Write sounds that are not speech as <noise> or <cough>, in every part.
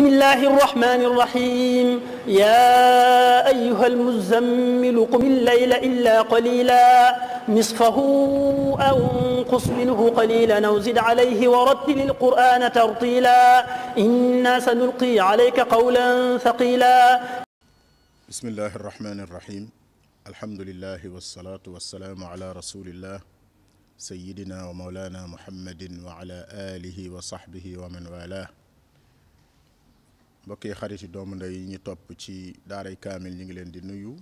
بسم الله الرحمن الرحيم يا أيها المزمل قم الليل إلا قليلا نصفه أو انقص منه قليلا أو زد عليه ورتل القرآن ترتيلا إنا سنلقي عليك قولا ثقيلا بسم الله الرحمن الرحيم الحمد لله والصلاة والسلام على رسول الله سيدنا ومولانا محمد وعلى آله وصحبه ومن والاه mbokk yi xarit yi doomu ndey yi ñu topp ci daaray kaamil ñu ngi leen di nuyu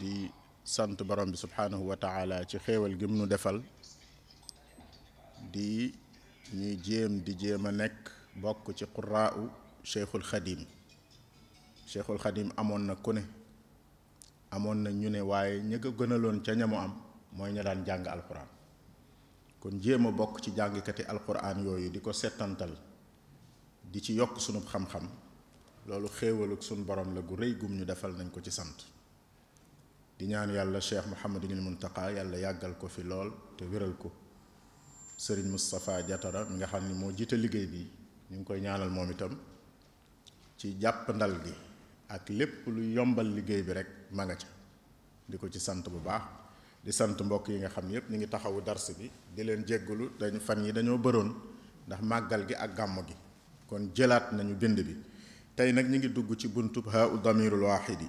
di sant borom bi subhanahu wa taala ci xéewal gi mu nu defal di ñuy jéem di jéem a nekk bokk ci quraa'u cheikhul xadim cheikhul xadim amoon na ku ne amoon na ñu ne waaye ña gënaloon ca ñamu am mooy ña daan jàng alquran kon jéem a bokk ci jàngkati alquran yooyu di ko setantal di ci yokk sunu xam-xam loolu xéewaluk sunu borom la gu rëy gum ñu defal nañ ko ci sant di ñaan yàlla cheikh Mouhamadinil Muntaqa yàlla yàggal ko fi lool te wéral ko sëriñ Moustapha jatara mi nga xam ni moo jiite liggéey bi ñu ngi koy ñaanal moom itam ci jàppandal gi ak lépp lu yombal liggéey bi rek ma nga di ko ci sant bu baax di sant mbokk yi nga xam yépp ñu ngi taxawu dars bi di leen jéggalu dañu fan yi dañoo bëroon ndax màggal gi ak gàmm gi kon jëlaat nañu bind bi tey nag ñu ngi dugg ci buntub haa u damirul waaxidi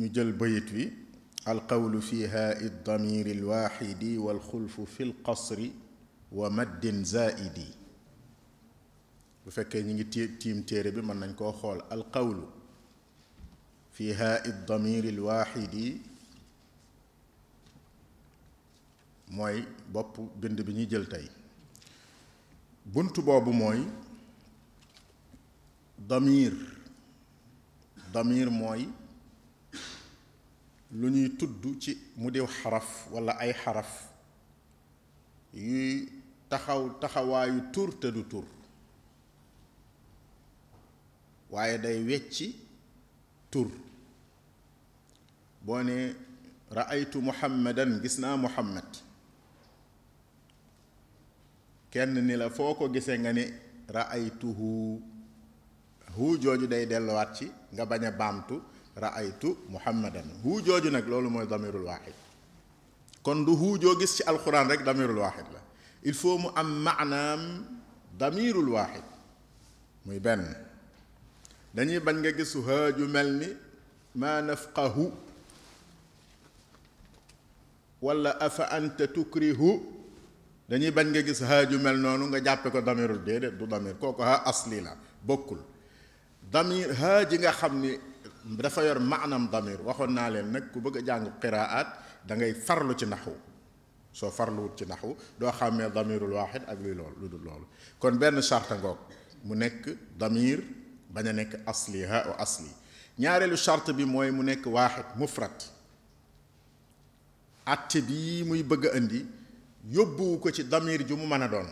ñu jël bayit wi alqawlu fi haai damiri lwaxidi walxulfu fi lqasri wa maddin zaaidi bu fekkee ñu ngi tiim téere bi mën nañ koo xool alqawlu fi haai damiri lwaxidi mooy boppu bind bi ñuy jël tey bunt boobu mooy damir damir mooy lu ñuy tudd ci mu diw xaraf walla ay xaraf yuy taxaw taxawaayu tur te du tur waaye day wecci tur boo ne ra'aytu muhammadan gis naa muhammad kenn ni la foo ko gisee nga ni raaytuhu hu jooju day delluwaat ci nga bañ a baamtu raaytu muhammadan hu jooju nag loolu mooy damirul waaxid kon du hu joo gis ci alquran rek damirul waaxid la il faut mu am maanaam damirul waaxid muy benn dañuy bañ nga gis haa mel ni maa nafqahu wala afa anta tukrihu dañuy bañ nga gis haaju mel noonu nga jàppe ko damirul déedéet du damir kooku ha asli la bokkul damir haa ji nga xam ni dafa yor maanam damir waxoon naa leen nag ku bëgg a jàng qiraat da ngay farlu ci naxu soo farluwut ci naxu doo xàmmee damirul waaxid ak luy lool lu dul loolu kon benn charte ngoog mu nekk damir bañ a nekk asli ha asli ñaareelu charte bi mooy mu nekk waaxid mufrat atte bii muy bëgg a indi yóbbuwu ko ci damir ju mu mën a doon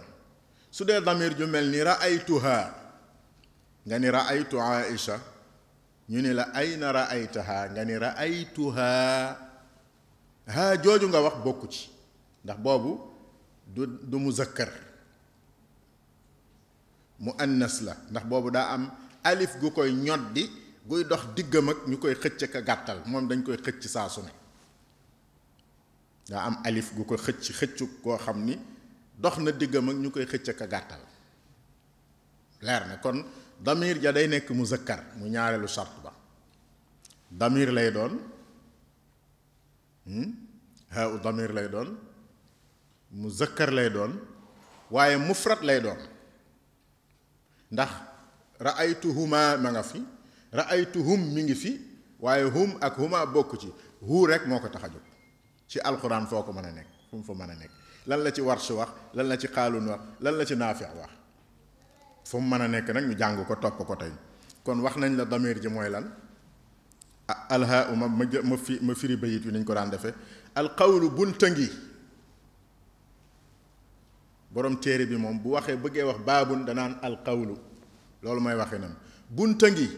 su dee damir ju mel ni raaytuha nga ni raaytu aisha ñu ni la ayna raaytaha nga ni raaytuha haa jooju nga wax bokku ci ndax boobu du du muzakkar mu annas la ndax boobu daa am alif gu koy ñoddi guy dox diggam ak ñu koy xëcc ka gàttal moom dañ koy xëcc saa su ne daa am alif gu ko xëcc xëccu koo xam ni dox na diggam ak ñu koy xëcc ka gàttal leer na kon damir ja day nekk muzakkar mu ñaareelu sart ba damir lay doon hmm? haa damir lay doon muzakkar lay doon waaye mufrat lay doon ndax raaytuhuma ma nga fi raaytuhum mu ngi fi waaye hum ak huma bokk ci hu rek moo ko tax a jóg ci alxuraan foo ko mën a nekk fu mu fa mën a nekk lan la ci warsh wax lan la ci xaalun wax lan la ci naafi wax fu mu mën a nekk nag ñu jàng ko topp ko tey kon wax nañ la damir ji mooy lan alha uma ma ma fi ma firi bayit wi nañ ko daan defee alqawlu bunta ngi borom téere bi moom bu waxee bëggee wax baabun danaan alqawlu loolu mooy waxe nam bunta ngi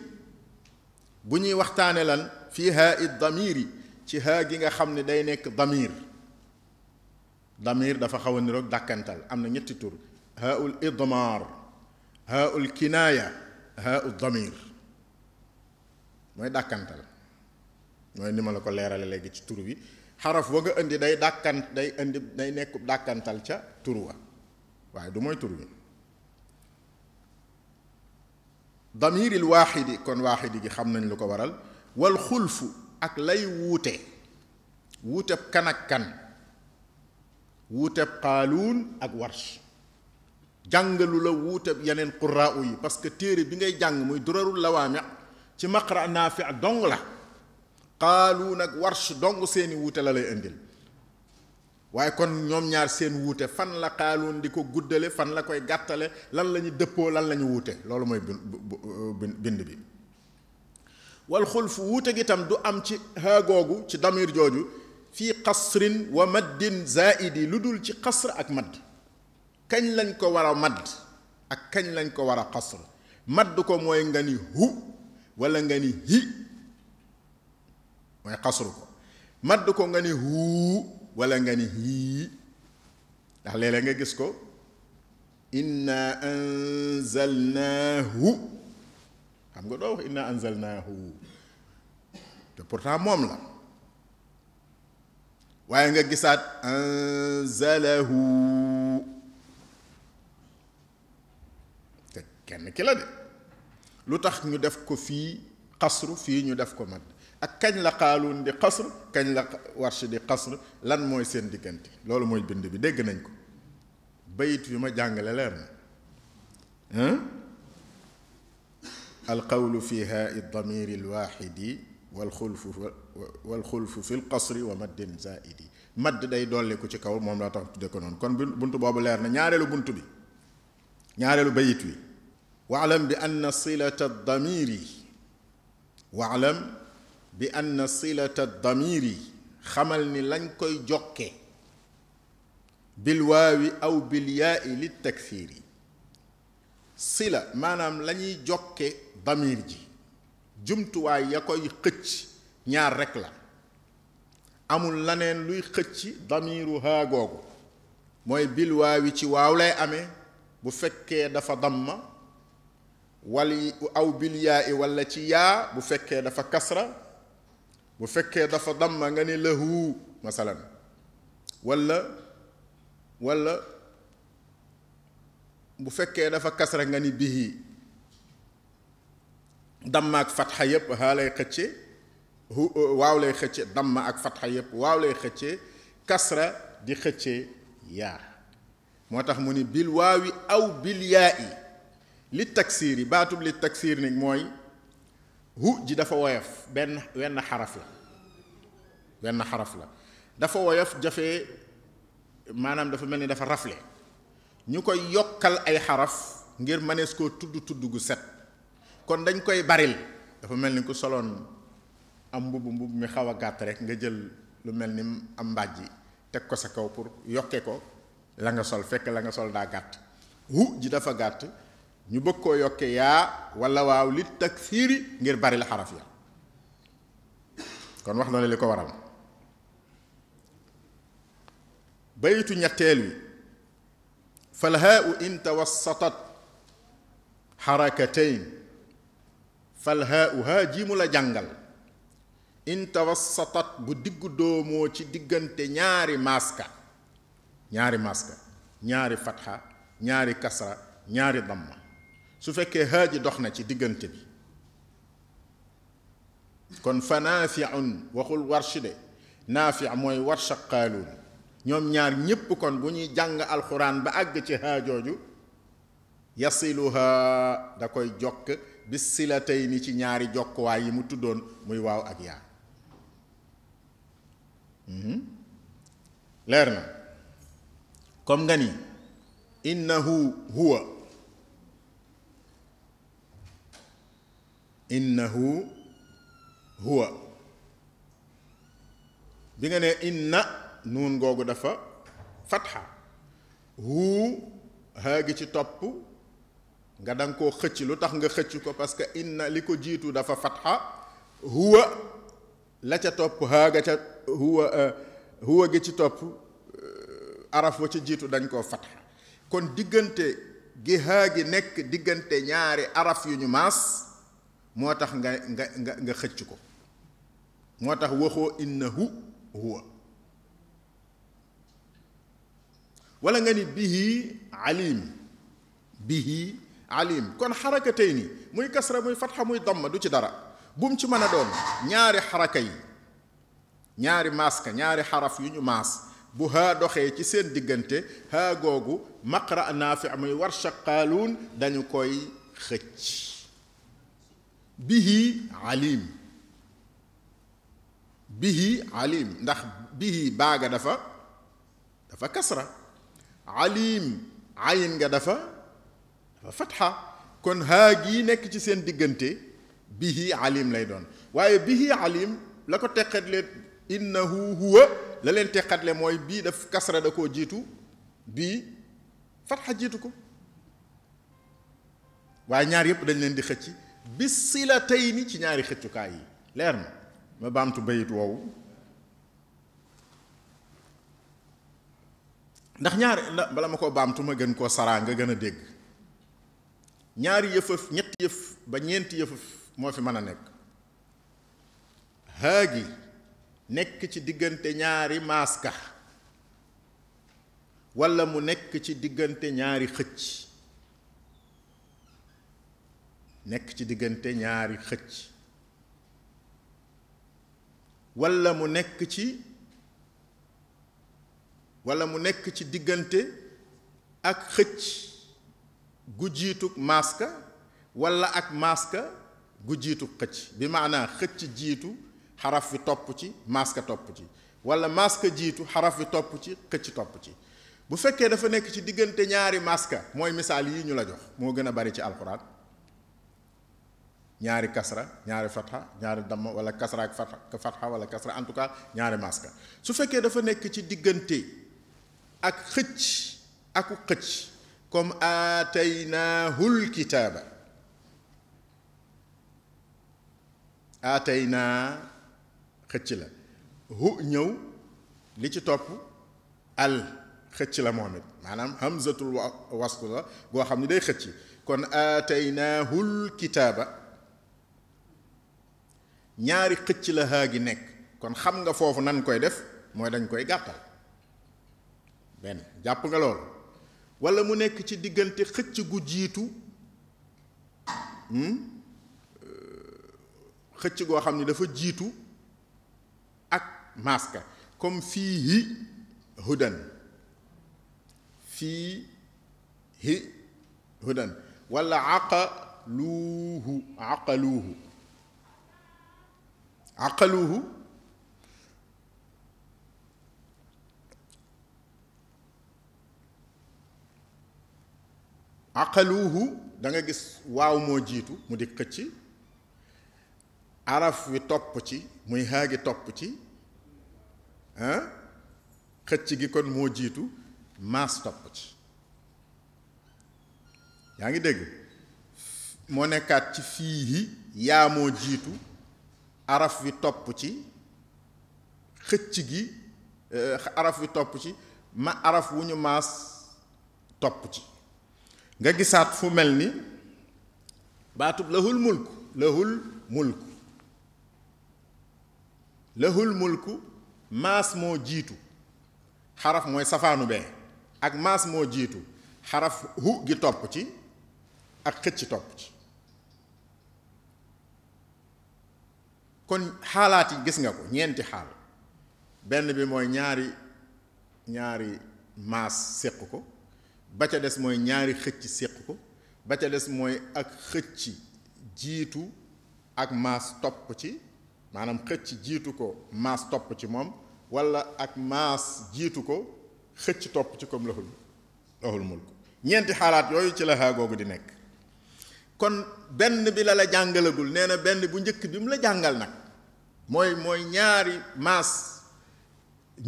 bu ñuy waxtaane lan fiiha id damiri ci haa gi nga xam ne day nekk damir damir dafa xaw a niroog dàkkantal am na ñetti tur haa ul idmar haa kinaaya haa ul mooy dàkkantal mooy ni ma la ko leerale léegi ci tur bi xaraf wa nga indi day dàkkan day indi day nekk dàkkantal ca tur wa waaye du mooy tur bi damiril waaxidi kon waaxidi gi xam nañ lu ko waral wal xulfu ak lay wuute wuuteb kan ak kan wuuteb xaaluun ak warsh jàngalu la wuuteb yeneen quraaw yi parce que téere bi ngay jàng muy durarul lawaami ci maqra naafi dong la xaaluun ak warsh dong seeni wuute la lay indil waaye kon ñoom ñaar seen wuute fan la xaaluun di ko guddale fan la koy gàttale lan la ñu dëppoo lan la ñu wuute loolu mooy bind bi wal xulf wuute gi tam du am ci xaagoogu ci damir jooju fii xasrin wa maddin zaidi lu dul ci xasr ak madd kañ lañ ko war a madd ak kañ lañ ko war a xasr madd ko mooy nga ni hu wala nga ni hi mooy xasru ko madd ko nga ni huu wala nga ni hii ndax léeg nga gis ko inna anzalnaahu xam nga doo wax inna anzalnaahu te pourtant moom la waaye nga gisaat anzalahu te kenn ki la de lu tax ñu def ko fii xasru fii ñu def ko mat ak kañ la xaaluun di xasru kañ la warsh di xasru lan mooy seen diggante loolu mooy bind bi dégg nañ ko bayit bi ma jàngale leer na alqawlu fi haai damiri alwaxidi walxulfu walxulfu fi lqasri wa maddin zaidi madd day dolliku ci kaw moom laa tax tudde ko noonu kon bunt boobu leer na ñaareelu bunt bi ñaareelu bayit wi waalam bi ann silata damiri waalam xamal ni lañ koy jokke bilwaawi aw bilyaai litakfiiri sila maanaam lañuy jokke damir ji jumtuwaay ya koy xëcc ñaar rekk la amul laneen luy xëcc damiru haa googu mooy bil yi ci waaw lay ame bu fekkee dafa damma wal aw bil yaa i walla ci yaa bu fekkee dafa kasra bu fekkee dafa damma nga ne lahu masalan walla walla bu fekkee dafa kasra nga ni bihi damma ak fatxa yépp haa xëcce hu waaw lay xëcce damma ak fatxa yépp waaw lay xëcce kasra di xëcce yaa moo tax mu ni bil waawi aw bil yaa i li taksiir yi baatub li taksiir ni mooy hu ji dafa woyof benn wenn xaraf la wenn xaraf la dafa woyof jafee maanaam dafa mel ni dafa rafle ñu koy yokkal ay xaraf ngir mënees koo tudd tudd gu set kon dañ koy baril dafa mel ni ku soloon am mbubb mbubb mi xaw a gàtt rek nga jël lu mel ni am mbàjj teg ko sa kaw pour yokke ko la nga sol fekk la nga sol daa gàtt wu ji dafa gàtt ñu bëgg koo yokke yaa walla waaw li taksiiri ngir baril xaraf ya kon wax na la li ko waral bayitu ñetteel wi فالهاء إن توسطت حركتين فالهاء ها جيم la jàngal intawas satat bu diggu doomoo ci diggante ñaari maska ñaari maska ñaari fatxa ñaari kasra ñaari damma su fekkee haa dox na ci diggante bi kon fa naafiun waxul warsh de naafi mooy warsha qaaluun ñoom ñaar ñépp kon bu ñuy jàng alxuraan ba àgg ci haa jooju yasiluha da koy jokk bi silatay ni ci ñaari jokkuwaay yi mu tuddoon muy waaw ak yaa mhm. leer na comme nga ni innahu huwa innahu huwa bi nga ne inna nuun googu dafa fatxa huu haa gi ci topp nga da koo xëcc lu tax nga xëcc ko parce que inna li ko jiitu dafa fatxa huwa la ca topp haa ga ca huwa eh, huwa gi ci topp eh, araf wa ca jiitu dañ koo fatxa kon diggante gi haa gi nekk diggante ñaari araf yu ñu maas moo tax nga nga nga xëcc ko moo tax waxoo innahu huwa wala nga ni bihi alim bihi alim kon xarakatay ni muy kasra muy fatxa muy damma du ci dara bu ci mën a doon ñaari xaraka yi ñaari maska ñaari xaraf yu ñu maas bu haa doxee ci seen diggante haa googu maqra naafi muy war qaaluun dañu koy xëcc bihi alim bihi alim ndax bihi baaga dafa dafa kasra alim ayin nga dafa dafa fatxa kon haa gi nekk ci seen diggante bihi alim lay doon waaye bihi alim la ko teqatle innahu huwa la leen teqatle mooy bii daf kasra da koo jiitu bii fatxa jiitu ko waaye ñaar yëpp dañ leen di xëcc bi silatayni ci ñaari xëccukaay yi leer na ma baamtu bayit woowu ndax ñaari bala ma ko baamtu ma gën koo saraa nga gën a dégg ñaari yëfëf ñetti yëf ba ñeenti yëfëf moo fi mën a nekk haa nekk ci diggante ñaari maaska walla mu ñaari xëcc nekk ci diggante ñaari xëcc walla mu nekk ci walla mu nekk ci diggante ak xëcc gu jiitu maaska walla ak maaska gu jiitu xëcc bi maanaa xëcc jiitu xaraf bi topp ci maaska topp ci walla maaska jiitu xaraf bi topp ci xëcc topp ci bu fekkee dafa nekk ci diggante ñaari maaska mooy misaal yii ñu la jox moo gën a bari ci alxuraan ñaari kasra ñaari fatxa ñaari damma wala kasra ak fatxa wala kasra en tout cas ñaari maska su fekkee dafa nekk ci diggante ak xëcc aku xëcc comme aataynahul kitaaba naa xëcc la hu ñëw li ci topp àll xëcc la moom it maanaam hamzatul wasl la goo xam ne day xëcc kon aataynahul kitaaba ñaari xëcc la haa gi nekk kon xam nga foofu nan koy def mooy dañ koy gàttal jàpp nga lool walla mu nekk ci diggante xëcc gu jiitu hmm? euh, xëcc goo xam ni dafa jiitu ak maska comme fiihi hudan fiihi hudan walla aqaluuhu aqaluuhu aqaluuhu aqaluuhu danga gis waaw moo jiitu mu di xëcc araf wi topp ci muy haagi topp ci xëcc gi kon moo jiitu maas topp ci yaa ngi dégg moo nekkaat ci fiihi yaa moo jiitu araf wi topp ci xëcc gi euh, araf wi topp ci ma araf wu ñu maas topp ci nga gisaat fu mel ni baatub lahul mulku lahul mulku maas moo jiitu xaraf mooy safaanu bee ak maas moo jiitu xaraf hu gi topp ci ak xëcc topp ci kon xaalaat yi gis nga ko ñeenti xaal benn bi mooy ñaari ñaari maas séq ko ba ca des mooy ñaari xëcc séq ko ba ca des mooy ak xëcc jiitu ak maas topp ci maanaam xëcc jiitu ko maas topp ci moom walla ak maas jiitu ko xëcc topp ci comme lahul lahul mulk ñeenti xaalaat yooyu ci la googu di nekk kon benn bi la la jàngalagul nee na benn bu njëkk bi mu la jàngal nag mooy mooy ñaari maas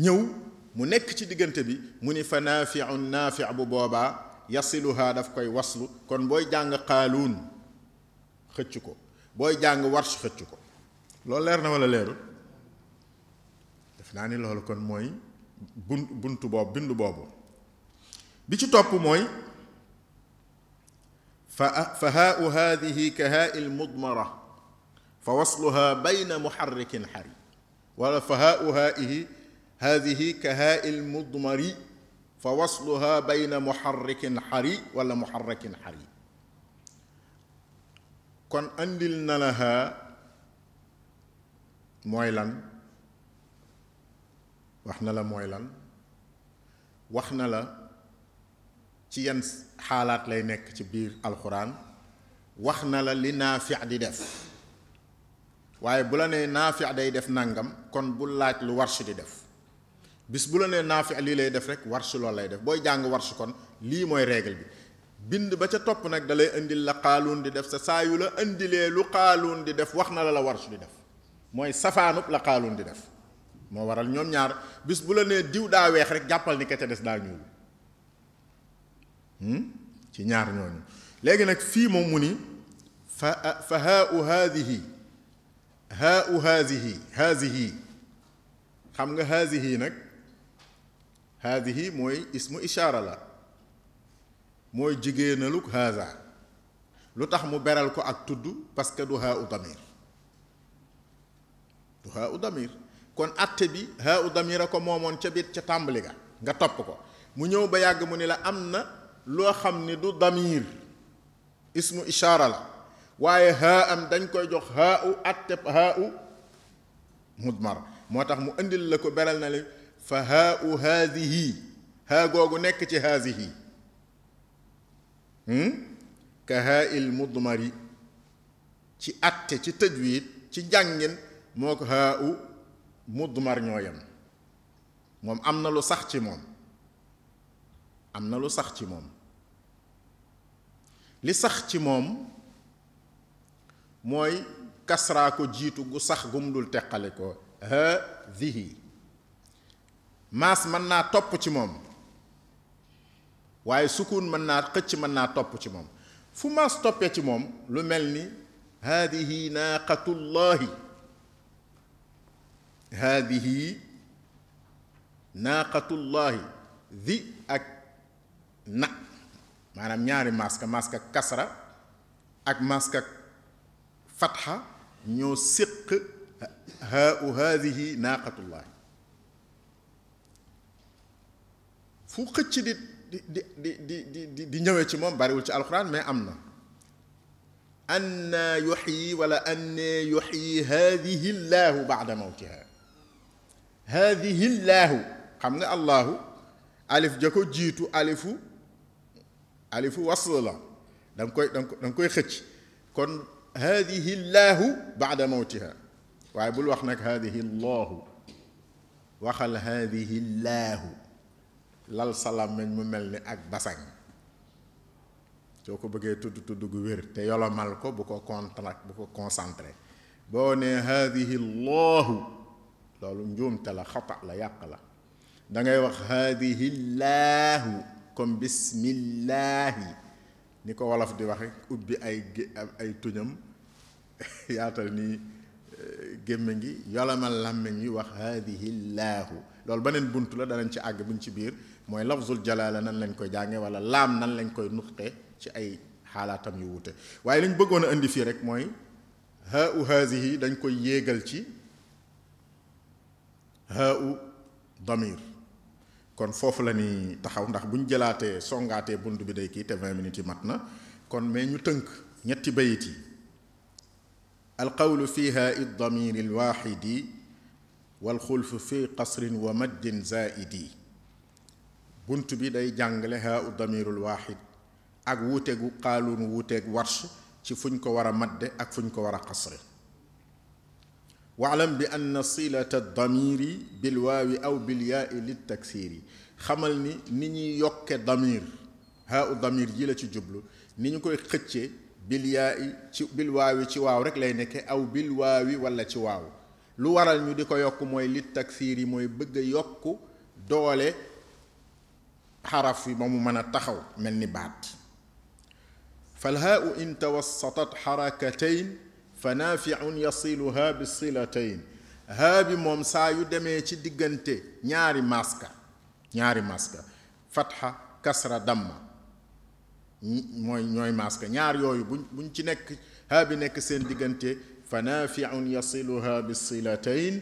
ñëw mu nekk ci diggante bi mu ni fa naafiun naafi bu boobaa yasiluhaa daf koy waslu kon booy jàng xaaluun xëcc ko booy jàng warsh xëcc ko loo leer na wala leeru def naa ni loolu kon mooy bun buntu boobu bindu bi ci topp mooy fa haau hadihi ka haai haadihi ka haa il mudmari fa wasluha bayna muharrikin xari wala muharrakin xari kon indil na la mooy lan wax na la mooy lan wax na la ci yan xaalaat lay nekk ci biir alxuraan wax na la li naafi di def waaye bu la nee naafi day def nangam kon bu laaj lu warsh di def bis bu la nee naafi lii lay def rek warsu loolu lay def booy jàng warsu kon lii mooy règle bi bind ba ca topp nag dalay indil la xaaluun di def sa saa yu la indilee lu xaaluun di def wax na la la warsu di def mooy safaanub la xaaluun di def moo waral ñoom ñaar bis bu la nee diw daa weex rek jàppal ni ka ca des daa ñuul hmm? ci ñaar ñooñu léegi nag fii moom mu ni fa fa haau haadihi haau haadihi haadihi xam nga haadihi nag haadihi mooy ismu ishaara la mooy jigéenaluk haza lu tax mu beral ko ak tudd parce que du haa u damir du haa u damir kon atte bi haa u damir a ko moomoon ca biir ca tàmbali ga nga topp ko mu ñëw ba yàgg mu ni la am na loo xam ni du damir ismu ishaara la waaye haa am dañ koy jox haa u atte haa u mudmar moo tax mu indil la ko beral na li fa haa u haadihi haa googu nekk ci haadihi hmm? ka haa il mudmari ci atte ci tajwid ci jàngin moo ko haa u mudmar ñoo moom am na lu sax ci moom am na lu sax ci moom li sax ci moom mooy kasraa ko jiitu gu sax gum dul teqale ko haadihi maas mën naa topp ci moom waaye sukun mën naa xëcc mën naa topp ci moom fu maas toppee ci moom lu mel ni haadihi naaqatullahi haadihi naaqatullahi di ak na maanaam ñaari maska maska kasra ak maska fatxa ñoo siq haa haadihi naaqatullahi fu xëcc di di di di di di ñëwee ci moom bariwul ci alxuraan mais am na anna yuxyi wala anne yuxyi hadihi llaahu bada mawtiha hadihi xam nga allaahu alif ja ko jiitu alifu alifu wasl la da nga koy da koy xëcc kon hadihi llaahu bada mawtiha waaye bul wax nag hadihi waxal hadihi lal salameñ mu mel ni ak basang soo ko bëggee tudd tudd gu wér te yolomal ko bu ko contract bu ko concentré boo nee haadihi llahu loolu njuumte la xata la yàq la dangay wax haadihi llaahu comme bismillaahi ni ko wolof di waxe ubbi ay ay tuñam <laughs> yaatal nii eh, gémmiñ gi yolomal làmmiñ yi wax haadihi llaahu loolu beneen bunt la danañ ci àgg buñ ci biir mooy lafzul jalaala nan lañ koy jànge wala laam nan lañ koy nutqe ci ay xaalaatam yu wuute waaye li ñu bëggoon a indi fii rek mooy haa u haasihi dañ koy yéegal ci haa u damir kon foofu la ñuy taxaw ndax bu ñu jëlaatee songaatee bunt bi day kii te vingt minutes yi mat na kon mais ñu tënk ñetti bayit yi alqawlu fi haai damiri alwaxidi walxulfu fi qasrin wa maddin zaaidi bunt bi day jàngale haau damirul waaxid ak wuuteegu xaaluun wuuteeg warsh ci fuñ ko war a madde ak fuñ ko war a xasre walam bi ann silata damiri bil waawi aw bil yaai lil taksiri xamal ni ni ñuy yokke damir haau damir ji la ci jublu ni ñu koy xëccee bil yaai ci bil waawi ci waaw rek lay nekke aw bil waawi wala ci waaw lu waral ñu di ko yokk mooy lit taksir yi mooy bëgg a yokk doole xaraf yi ba mu mën a taxaw mel ni baat falhaau in tawassatat xarakatayn fa naafiun yasiluha bi bi moom saa yu demee ci diggante ñaari maska ñaari maska fatxa kasra damma mooy ñooy maska ñaar yooyu buñ buñ ci nekk haa bi nekk seen diggante fa naafiun yasiluha bi silatayn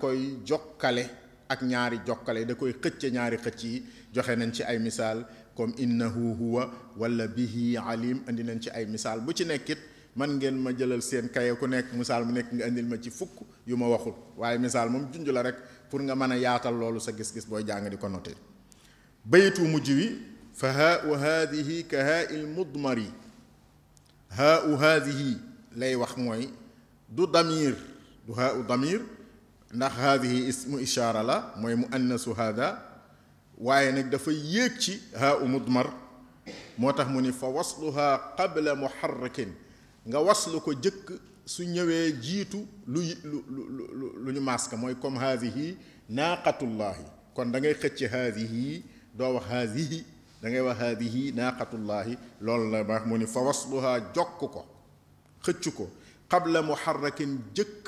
koy jokkale ak ñaari jokkale da koy xëcc ñaari xëcc yi joxe nañ ci ay misaal comme innahu huwa wala bihi alim indi nañ ci ay misaal bu ci nekk nekkit man ngeen ma jëlal seen kaye ku nekk misaal bu nekk nga indil ma ci fukk yu ma waxul waaye misaal moom junj la rek pour nga mën a yaatal loolu sa gis-gis booy jàng di ko noté baytu mujj wi fa haau haadihi ka haail mudmari haau haadihi lay wax mooy du damir du haau damir ndax haadihi ismu ishaara la mooy mu annasu haada waaye nag dafa yéeg ci haa u mudmar moo tax mu ni fa wasluha qabla muharrakin nga waslu ko jëkk su ñëwee jiitu lu lu lu ñu maska mooy comme haadihi naaqatullaahi kon da ngay xëcc haadihi doo wax haadihi da ngay wax haadihi naaqatullaahi loolu la baax mu ni fa wasluha jokk ko xëcc ko qabla muharrakin jëkk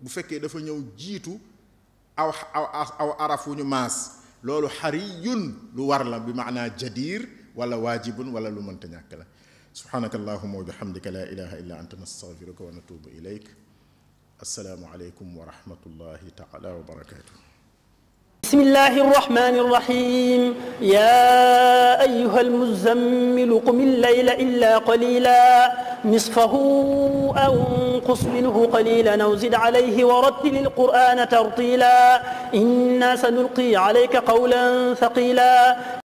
bu fekkee dafa ñëw jiitu aw aw aw arafu ñu maas loolu xariyun lu war la bi maanaa jadiir wala waajibun walla lu mënta ñàkk la subhaanaka allahuma wa bihamdika la ilaha illa anta nastaghfiruka wa natubu ilayk assalaamu aleykum wa rahmatullahi taala wa barakatuh بسم الله الرحمن الرحيم يا أيها المزمل قم الليل إلا قليلا نصفه أو انقص منه قليلا أو زد عليه ورتل القرآن ترتيلا إنا سنلقي عليك قولا ثقيلا